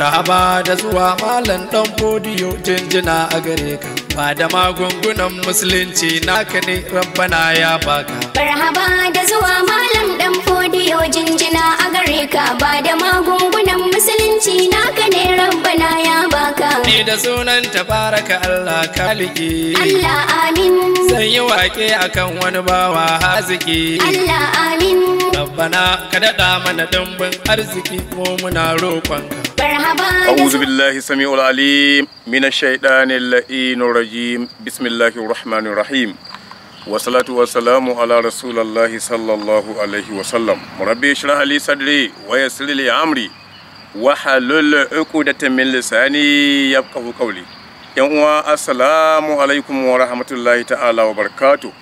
marhaba da zuwa malam dan podiyo jinjina a gare ka ba da magungunan musulunci naka ne rabbana ya baka marhaba da zuwa malam dan podiyo jinjina a gare ka ba da magungunan musulunci na Faɗi da sunan tabaraka Allah kaliki Allah amin Zan yi waƙe akan wani bawa haziki Allah amin Rabbana ka daɗa mana ɗimbin arziki mu muna roƙonka أعوذ بالله السميع العليم من الشيطان اللئين الرجيم بسم الله الرحمن الرحيم والصلاة والسلام على رسول الله صلى الله عليه وسلم ربي اشرح لي صدري ويسر لي أمري wahalul uqudata min lisani yafqahu qawli yan uwa assalamu alaikum wa rahmatullahi ta'ala wa barakatuh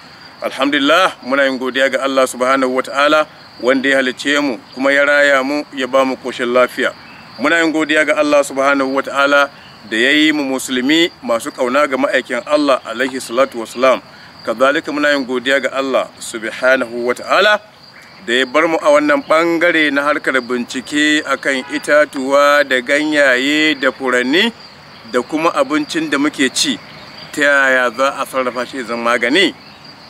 alhamdulillah muna yin godiya ga Allah subhanahu wa ta'ala wanda ya halice mu kuma ya raya mu ya ba mu koshin lafiya muna yin godiya ga Allah subhanahu wa ta'ala da ya yi mu musulmi masu kauna ga ma'aikin Allah alaihi salatu wasalam kazalika muna yin godiya ga Allah subhanahu wa ta'ala da ya bar mu a wannan bangare na harkar bincike akan itatuwa da ganyaye da furanni da kuma abincin da muke ci ta yaya za a sarrafa shi zan magani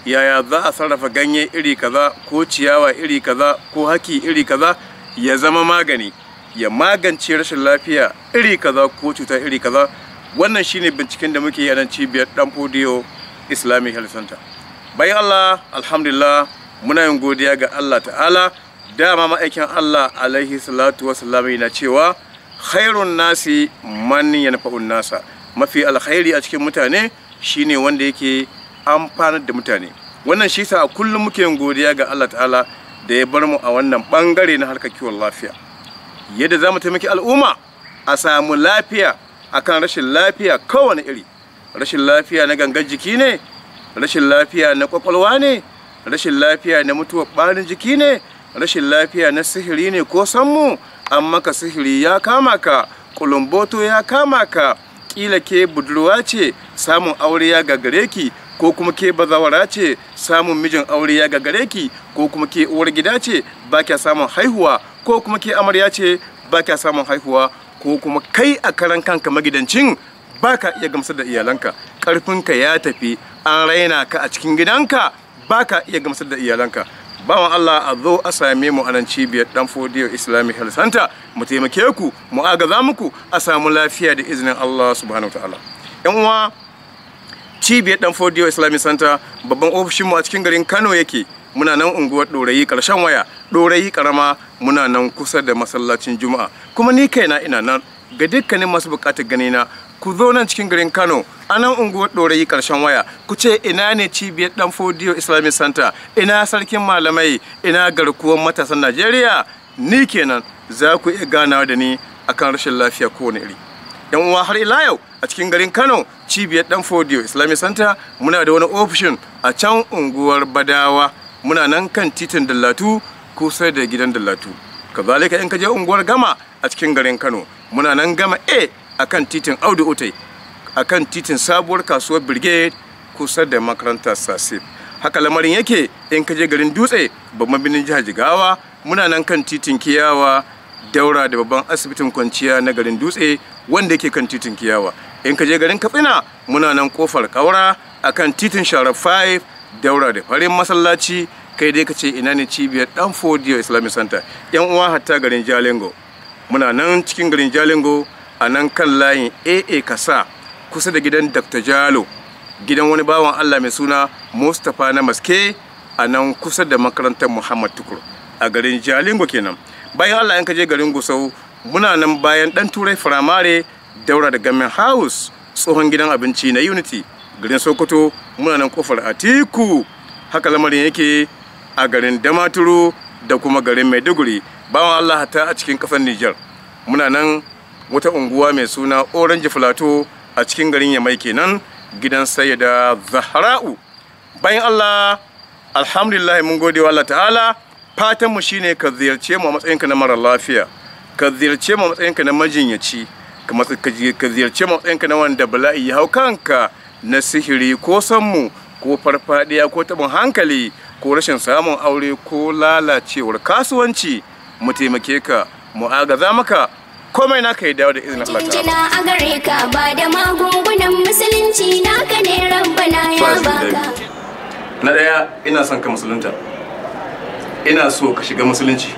yaya za a sarrafa ganye iri kaza ko ciyawa iri kaza ko haki iri kaza ya zama magani ya magance rashin lafiya iri kaza ko cuta iri kaza wannan shine binciken da muke yi a nan cibiyar dan podio islamic health center bayan allah alhamdulillah muna yin godiya ga Allah ta'ala dama ma'aikin Allah alaihi salatu wasallam yana cewa khairun nasi man yanfa'un nasa mafi alkhairi a cikin mutane shine wanda yake amfanar da mutane wannan shi sa a kullum muke yin godiya ga Allah ta'ala da ya bar mu a wannan bangare na harkar kiwon lafiya yadda za mu taimaki al'umma a samu lafiya akan rashin lafiya kowane iri rashin lafiya na gangar jiki ne rashin lafiya na kwakwalwa ne rashin lafiya na mutuwar ɓarin jiki ne rashin lafiya na sihiri ne ko sanmu an maka sihiri ya kama ka kulumboto ya kama ka kila ke budurwa ce samun aure ya gagare ki ko kuma ke bazawara ce samun mijin aure ya gagare ki ko kuma ke uwar gida ce ba kya samun haihuwa ko kuma ke amarya ce ba kya samun haihuwa ko kuma kai a karan kanka magidancin ba ka iya gamsar da iyalanka ƙarfinka ya tafi an raina ka a cikin gidanka baka iya gamsar da iyalanka bawan Allah a zo a same mu a nan cibiyar dan fodiyo Islamic Health Center mu taimake ku mu agaza muku a samu lafiya da izinin Allah subhanahu ta'ala yan uwa cibiyar dan fodiyo Islamic Center babban ofishin mu a cikin garin Kano yake muna nan unguwar Dorayi karshen waya Dorayi karama muna nan kusa da masallacin Juma'a kuma ni kaina ina nan ga dukkanin masu bukatar ganina ku zo nan cikin garin Kano a nan unguwar ɗorayi ƙarshen waya ku ce ina ne cibiyar ɗan fodiyo islamic center ina sarkin malamai ina garkuwar matasan najeriya ni kenan za ku iya ganawa da ni akan rashin lafiya kowane iri yan uwa har ila yau a cikin garin kano cibiyar ɗan fodiyo islamic center muna da wani ofishin a can unguwar badawa muna nan kan titin dallatu kusa da gidan dallatu kazalika in ka je unguwar gama a cikin garin kano muna nan gama a akan titin audu utai akan titin sabuwar kasuwar brigade kusa da makarantar sasif haka lamarin yake in kaje garin dutse babban birnin jihar jigawa muna nan kan titin kiyawa daura da babban asibitin kwanciya na garin dutse wanda yake kan titin kiyawa in kaje garin katsina muna nan kofar kaura akan titin sharaf 5 daura da farin masallaci kai dai kace ina ne cibiyar dan fodiyo islamic center yan uwa hatta garin jalingo muna nan cikin garin jalingo a nan kan layin aa kasa kusa da gidan dr jalo gidan wani bawan allah mai suna mustapha na maske a nan kusa da makarantar muhammad tukur a garin jalingo kenan bayan allah in je garin gusau muna nan bayan dan turai firamare daura da gamin house tsohon gidan abinci na unity garin sokoto muna nan kofar atiku haka lamarin yake a garin damaturu da kuma garin maiduguri bawan allah ta a cikin kasar nijar muna nan wata unguwa mai suna orange filato a cikin garin ya yamai kenan gidan da zahra'u bayan allah alhamdulillah mun gode wa allah ta'ala fatan mu shine ka ziyarce mu a matsayinka na mara lafiya ka ziyarce mu a matsayinka na majinyaci ka ziyarce mu a matsayinka na wanda bala'i ya hau kanka na sihiri ko sanmu ko farfadiya ko tabin hankali ko rashin samun aure ko lalacewar kasuwanci mu taimake ka mu agaza maka komai na naka ya dawo da izinin Allah ta a gare ka ba da magungunan musulunci naka ne rabbana ya baka na daya ina son ka musulunta ina so ka shiga musulunci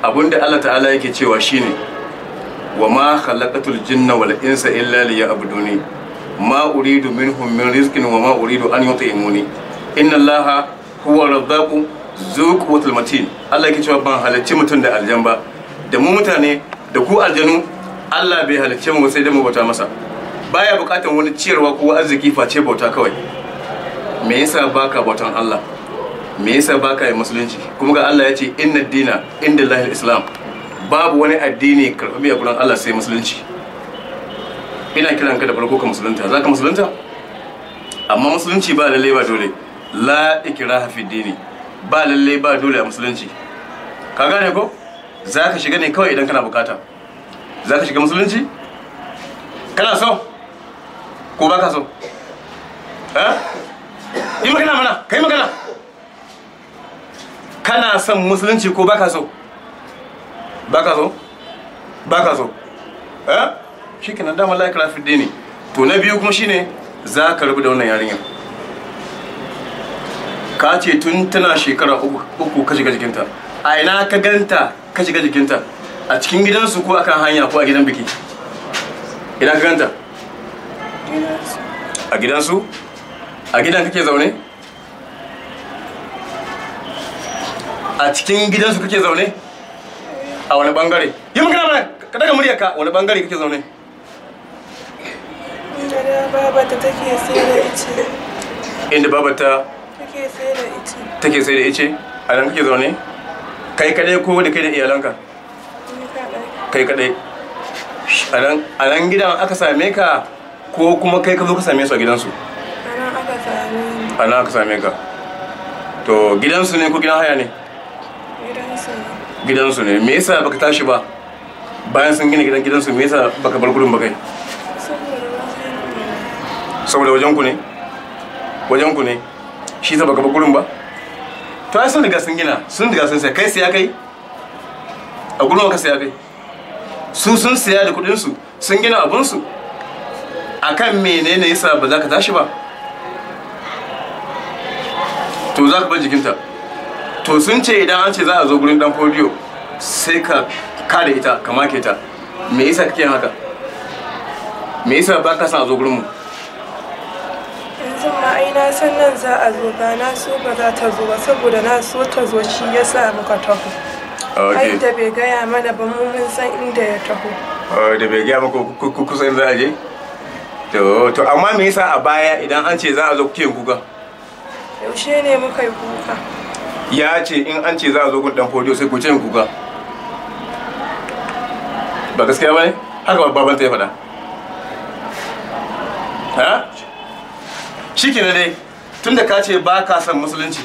da Allah ta'ala yake cewa shine wa ma khalaqatul jinna wal insa illa liya'buduni ma uridu minhum min rizqin wa ma uridu an yut'imuni inna allaha huwa razzaqu zu matin Allah yake cewa ban halarci mutum da aljan ba da mu mutane da ku aljanu Allah bai halicce mu sai dai mu bauta masa baya bukatan wani ciyarwa ko arziki face bauta kawai me yasa baka bautan Allah me yasa baka yi musulunci kuma ga Allah ya ce inna dina inda lahil islam babu wani addini karfafi a gurin Allah sai musulunci ina kiran ka da farko ka musulunta za ka musulunta amma musulunci ba lalle ba dole la ikraha fi dini ba lalle ba dole a musulunci ka gane ko za ka shiga ne kawai idan kana bukata za ka shiga musulunci kana so ko ba ka so yi magana mana ka yi magana kana son musulunci ko ba ka so ba ka so ba ka so shi kenan dama laika rafi dini to na biyu kuma shine za ka rabu da wannan yarinya. ka ce tun tana shekara uku ka shiga jikinta a ina ka ganta ka shiga jikinta a cikin gidansu ko akan hanya ko a gidan biki ina ka ganta a gidansu a gidan kake zaune a cikin gidansu kake zaune a wani bangare yi magana mana ka daga murya ka wani bangare kake zaune inda babata take sai da ice inda babata da take sai da ice a nan kake zaune kai kadai ko da kai da iyalanka kai kadai a nan gidan aka same ka ko kuma kai ka zo ka same su a gidansu a nan aka same ka to gidansu ne ko gidan haya ne gidansu ne me yasa baka tashi ba bayan sun gina gidan gidansu me yasa baka bar gudun bakai saboda wajen ku ne wajen ku ne shi sa baka bar gudun ba to ai sun riga sun gina sun riga sun sai kai siya kai a gurin ka siya kai su sun siya da kudin su sun gina abun su akan menene yasa ba za ka tashi ba to za ka bar jikinta to sun ce idan an ce za a zo gurin dan fodiyo sai ka kada ita ka make ta me yasa kake haka me yasa ba ka san a zo gurin mu na san nan za a zo ba na so ba za ta zo ba saboda na so ta zo shi ya sa muka taho ai da bai gaya mana ba mu mun san inda ya taho oh, da bai gaya maka kusan za a je to to amma me yasa a baya idan an ce za a zo kuke kuka yaushe ne muka yi kuka ya ce in an ce za a zo kun dan fodiyo sai ku ce kuka ba gaskiya ba ne haka babban ta ya faɗa ha shi dai tunda ka ce ba ka san musulunci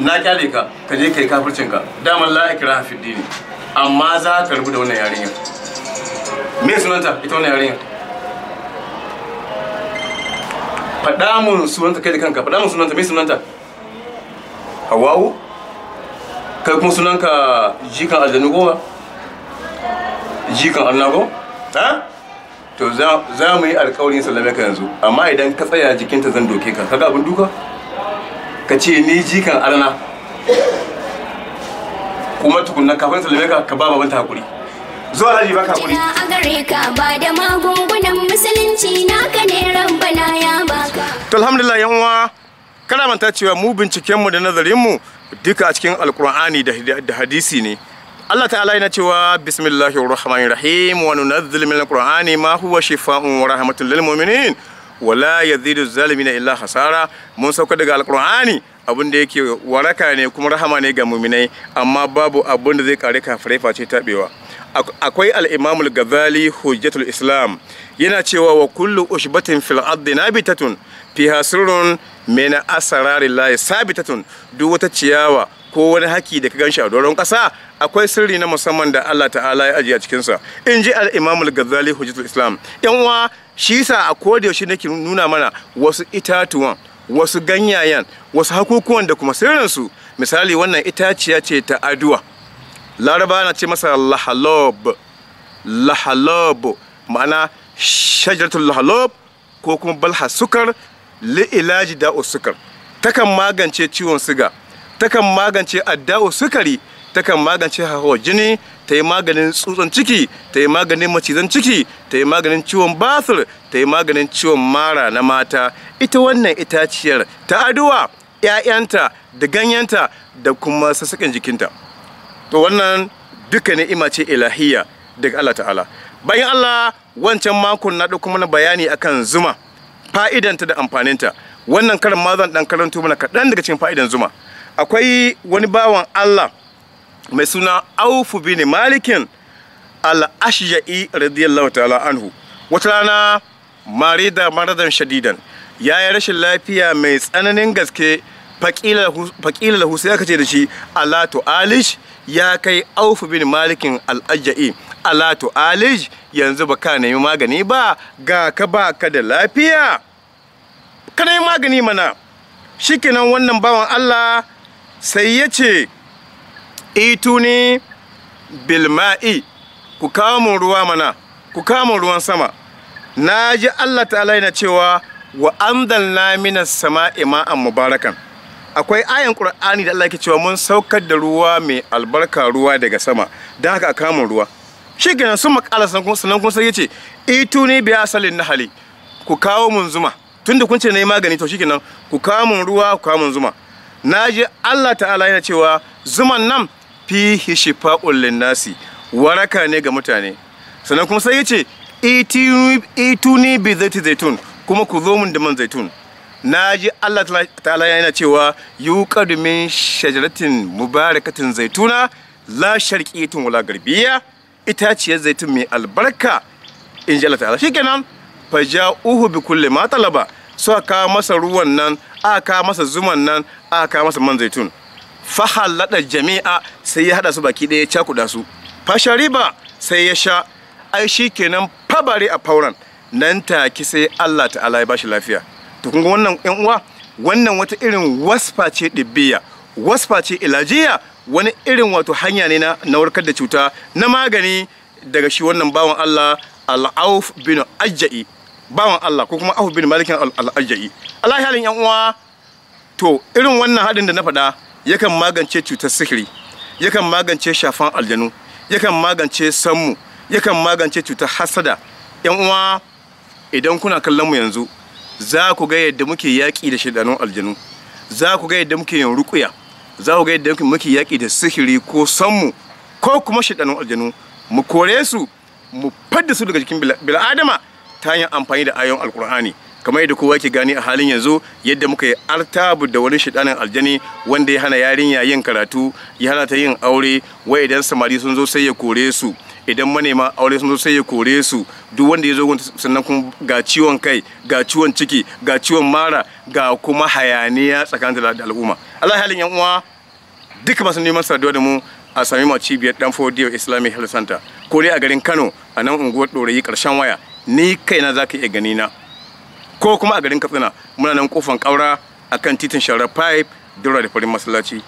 na kyale ka ka je kai kafircin ka daman la ikra fi dini amma za ka rubu da wannan yarinya me sunanta ita wannan yarinya faɗa mun sunanta kai da kanka faɗa mun sunanta me sunanta hawawu kai kuma sunanka jikan aljanu goma jikan annago ha to za mu yi alkawarin sallame ka yanzu amma idan ka tsaya jikinta zan doke ka kaga abin duka ka ce ni jikan arna kuma tukunna kafin sallame ka ka ba babanta hakuri zuwa alhaji baka hakuri a gare ka ba da magungunan musulunci naka ne rabbana ya baka to alhamdulillah yanwa kana manta cewa mu binciken mu da nazarin mu duka a cikin alkur'ani da hadisi ne Allah ta'ala yana cewa bismillahir rahmanir rahim wa nunazzilu minal qur'ani ma huwa shifaa'un wa rahmatul lil mu'minin wa la yazidu zalimina illa hasara mun sauka daga alqur'ani abun da yake waraka ne kuma rahama ne ga mu'minai amma babu abun da zai kare kafirai face tabewa akwai al-Imam al-Ghazali hujjatul Islam yana cewa wa kullu ushbatin fil ardi nabitatun fiha sirrun min asrarillahi sabitatun duk wata ciyawa ko wani haki da ka ganshi a doron ƙasa akwai sirri na musamman da Allah ta'ala ya ajiye a cikinsa in ji al’imamul gazali islam yan wa shi sa a koda yaushe nake nuna mana wasu itatuwan wasu ganyayen wasu hakukuwan da kuma sirrinsu misali wannan itaciya ce ta aduwa laraba na ce masa lahalob lahalob ma'ana shajaratul lahalob ko kuma balhasukar li'ilaji da'o sukar takan magance ciwon siga takan magance adda'u sukari takan magance hawar jini ta yi maganin tsutsan ciki ta yi maganin macizan ciki ta yi maganin ciwon basir ta yi maganin ciwon mara na mata ita wannan itaciyar ta aduwa 'ya'yanta da ganyenta da kuma sassaƙin jikinta to wannan duka ni'ima ce ilahiya daga Allah ta'ala bayan Allah wancan makon na kuma na bayani akan zuma fa'idanta da amfaninta wannan karin ma zan ɗan karanto mana kaɗan daga cikin fa'idan zuma akwai wani bawan Allah mai suna Aufu bin Malikin al-Ashja'i radiyallahu ta'ala anhu wata rana marida maradan shadidan ya yi rashin lafiya mai tsananin gaske faƙila da sai aka ce da shi alatu alish ya kai aufu bin malikin al'aja'i alatu alish yanzu ba ka nemi magani ba ga ka ba ka da lafiya ka nemi magani mana Shi kenan wannan bawan allah sai ya ce ituni bilma'i ku kawo mun ruwa mana ku kawo mun ruwan sama na ji Allah ta'ala yana cewa wa lamina minas sama'i ma'an mubarakan akwai ayan ƙur'ani da Allah ke cewa mun saukar da ruwa mai albarka ruwa daga sama da haka kawo mun ruwa shi shikenan sun makala sanan kun sai ce ituni bi asalin nahali ku kawo mun zuma tunda kun ce na yi magani to shikenan ku kawo mun ruwa ku kawo mun zuma na ji Allah ta'ala yana cewa zuman nan fihi ullin linnasi waraka ne ga mutane sannan kuma sai yace ituni bi zaiti zaitun kuma ku zo mun da man zaitun na ji Allah ta'ala yana cewa yuqadu min shajaratin mubarakatin zaituna la sharqiyatin wala garbiya itaciyar zaitun mai albarka in ji Allah ta'ala shikenan faja'uhu bi kulli ma talaba so kawo masa ruwan nan aka masa zuman nan aka kawo masa man zaitun halada jami'a sai ya hada su baki daya ya cakuda su riba sai ya sha ai shikenan fabare a fauran nan take sai Allah ta'ala ya bashi lafiya to kun ga wannan yan uwa wannan wata irin wasfa ce dibbiya wasfa ce ilajiya wani irin wato hanya ne na warkar da cuta na magani daga shi wannan bawan Allah al'auf bin ajja'i bawan Allah ko kuma auf bin malikin al'ajja'i Allah ya halin yan uwa to irin wannan haɗin da na faɗa yakan magance cutar sihiri yakan magance shafan aljanu yakan magance sanmu yakan magance cutar hasada yan uwa idan kuna kallon mu yanzu za ku ga yadda muke yaƙi da shaidanun aljanu za ku ga yadda muke yin ruƙuya za ku ga yadda muke yaƙi da sihiri ko sanmu ko kuma shaidanun aljanu mu kore su mu fadda su daga jikin bil'adama ta yin amfani da ayon alkur'ani kamar yadda kowa yake gani a halin yanzu yadda muka yi artabu da wani shidanin aljani wanda ya hana yarinya yin karatu ya hana ta yin aure wai idan samari sun zo sai ya kore su idan manema aure sun zo sai ya kore su duk wanda ya zo sannan kuma ga ciwon kai ga ciwon ciki ga ciwon mara ga kuma hayaniya tsakanin da al'umma Allah halin yan uwa duka masu neman saduwa da mu a sami ma cibiyar dan fodiyo islamic health center ko a garin kano a nan unguwar ɗorayi karshen waya ni kaina za ka iya gani na ko kuma a garin katsina muna nan kofan kaura akan titin sharar pipe daura da farin masallaci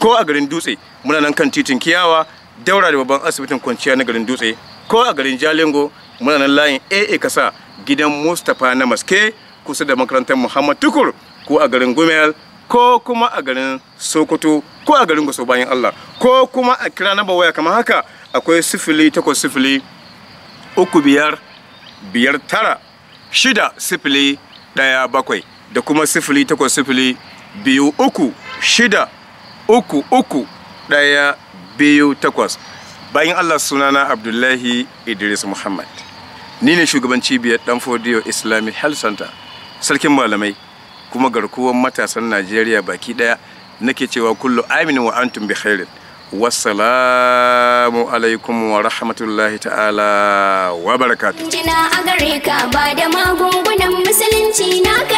ko a garin dutse muna nan kan titin kiyawa daura da babban asibitin kwanciya na garin dutse ko a garin jalingo muna nan layin aa kasa gidan mustapha na maske kusa da makarantar muhammad tukur ko a garin gumel ko kuma a garin sokoto ko a garin gwaso bayan allah ko kuma a kira na waya kamar haka akwai sifili takwas sifili uku biyar biyar tara shida sifili ɗaya bakwai da kuma sifili takwas sifili biyu uku shida uku uku ɗaya biyu takwas bayan allah sunana abdullahi idris muhammad ni ne shugaban cibiyar dan fodiyo islamic health center sarkin malamai kuma garkuwar matasan najeriya baki daya nake cewa kullu aminu wa antum bi khairin wassalamu alaikum wa rahmatullahi ta'ala wa barakatuh. Jina a gare ka ba da magungunan musulunci na